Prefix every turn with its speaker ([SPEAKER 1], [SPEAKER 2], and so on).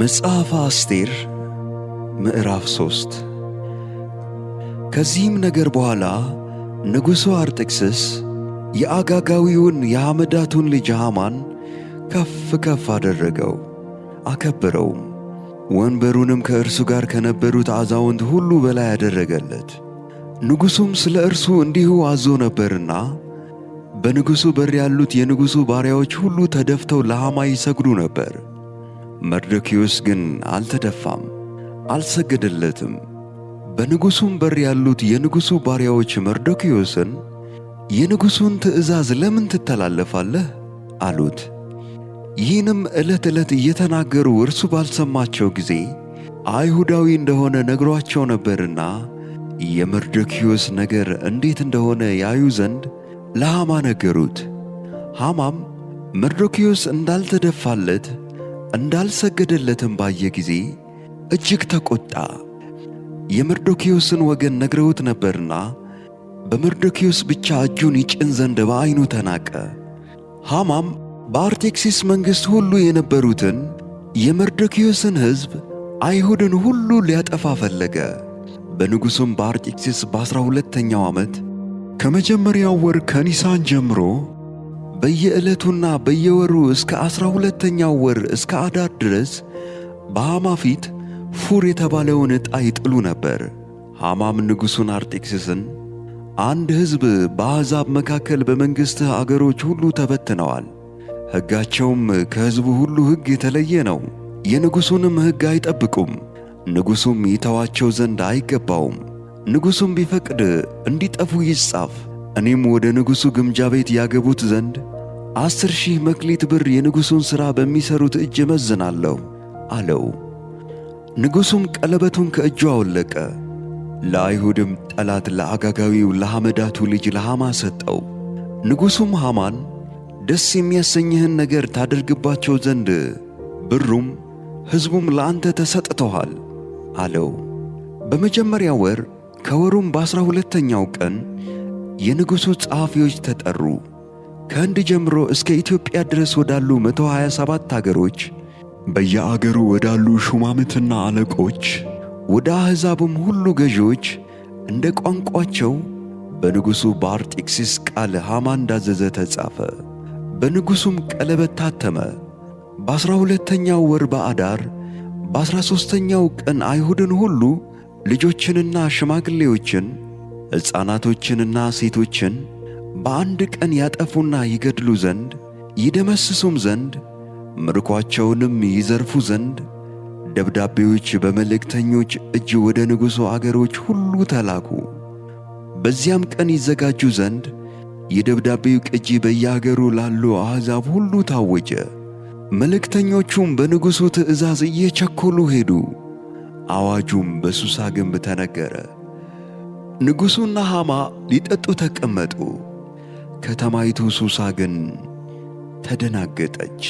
[SPEAKER 1] መጽሐፈ አስቴር ምዕራፍ ሶስት ከዚህም ነገር በኋላ ንጉሡ አርጤክስስ የአጋጋዊውን የሐመዳቱን ልጅ ሐማን ከፍ ከፍ አደረገው አከበረውም። ወንበሩንም ከእርሱ ጋር ከነበሩት አዛውንት ሁሉ በላይ አደረገለት። ንጉሡም ስለ እርሱ እንዲሁ አዞ ነበርና በንጉሡ በር ያሉት የንጉሡ ባሪያዎች ሁሉ ተደፍተው ለሐማ ይሰግዱ ነበር። መርዶኪዮስ ግን አልተደፋም፣ አልሰገደለትም። በንጉሡም በር ያሉት የንጉሡ ባሪያዎች መርዶኪዮስን የንጉሡን ትእዛዝ ለምን ትተላለፋለህ? አሉት። ይህንም ዕለት ዕለት እየተናገሩ እርሱ ባልሰማቸው ጊዜ አይሁዳዊ እንደሆነ ነግሯቸው ነበርና የመርዶኪዮስ ነገር እንዴት እንደሆነ ያዩ ዘንድ ለሐማ ነገሩት። ሐማም መርዶኪዮስ እንዳልተደፋለት እንዳልሰገደለትም ባየ ጊዜ እጅግ ተቆጣ። የመርዶኪዮስን ወገን ነግረውት ነበርና በመርዶኪዮስ ብቻ እጁን ይጭን ዘንድ በዐይኑ ተናቀ። ሐማም በአርቴክሲስ መንግሥት ሁሉ የነበሩትን የመርዶኪዮስን ሕዝብ አይሁድን ሁሉ ሊያጠፋ ፈለገ። በንጉሡም በአርጤክስስ በአሥራ ሁለተኛው ዓመት ከመጀመሪያው ወር ከኒሳን ጀምሮ በየዕለቱና በየወሩ እስከ ዐሥራ ሁለተኛው ወር እስከ አዳር ድረስ በሐማ ፊት ፉር የተባለውን ዕጣ ይጥሉ ነበር። ሐማም ንጉሡን አርጤክስስን አንድ ሕዝብ በአሕዛብ መካከል በመንግሥትህ አገሮች ሁሉ ተበትነዋል፣ ሕጋቸውም ከሕዝቡ ሁሉ ሕግ የተለየ ነው፣ የንጉሡንም ሕግ አይጠብቁም፣ ንጉሡም ይተዋቸው ዘንድ አይገባውም፣ ንጉሡም ቢፈቅድ እንዲጠፉ ይጻፍ እኔም ወደ ንጉሡ ግምጃ ቤት ያገቡት ዘንድ አሥር ሺህ መክሊት ብር የንጉሡን ሥራ በሚሠሩት እጅ እመዝናለሁ አለው። ንጉሡም ቀለበቱን ከእጁ አወለቀ፣ ለአይሁድም ጠላት ለአጋጋዊው ለሐመዳቱ ልጅ ለሐማ ሰጠው። ንጉሡም ሐማን ደስ የሚያሰኝህን ነገር ታደርግባቸው ዘንድ ብሩም ሕዝቡም ለአንተ ተሰጥተዋል አለው። በመጀመሪያ ወር ከወሩም በዐሥራ ሁለተኛው ቀን የንጉሡ ጸሐፊዎች ተጠሩ። ከህንድ ጀምሮ እስከ ኢትዮጵያ ድረስ ወዳሉ 127 አገሮች፣ በየአገሩ ወዳሉ ሹማምትና አለቆች፣ ወደ አሕዛብም ሁሉ ገዢዎች እንደ ቋንቋቸው በንጉሡ በአርጤክስስ ቃል ሐማ እንዳዘዘ ተጻፈ። በንጉሡም ቀለበት ታተመ። በዐሥራ ሁለተኛው ወር በአዳር በዐሥራ ሦስተኛው ቀን አይሁድን ሁሉ ልጆችንና ሽማግሌዎችን ሕፃናቶችንና ሴቶችን በአንድ ቀን ያጠፉና ይገድሉ ዘንድ ይደመስሱም ዘንድ ምርኳቸውንም ይዘርፉ ዘንድ ደብዳቤዎች በመልእክተኞች እጅ ወደ ንጉሡ አገሮች ሁሉ ተላኩ። በዚያም ቀን ይዘጋጁ ዘንድ የደብዳቤው ቅጂ በየአገሩ ላሉ አሕዛብ ሁሉ ታወጀ። መልእክተኞቹም በንጉሡ ትእዛዝ እየቸኰሉ ሄዱ። አዋጁም በሱሳ ግንብ ተነገረ። ንጉሡና ሐማ ሊጠጡ ተቀመጡ። ከተማይቱ ሱሳ ግን ተደናገጠች።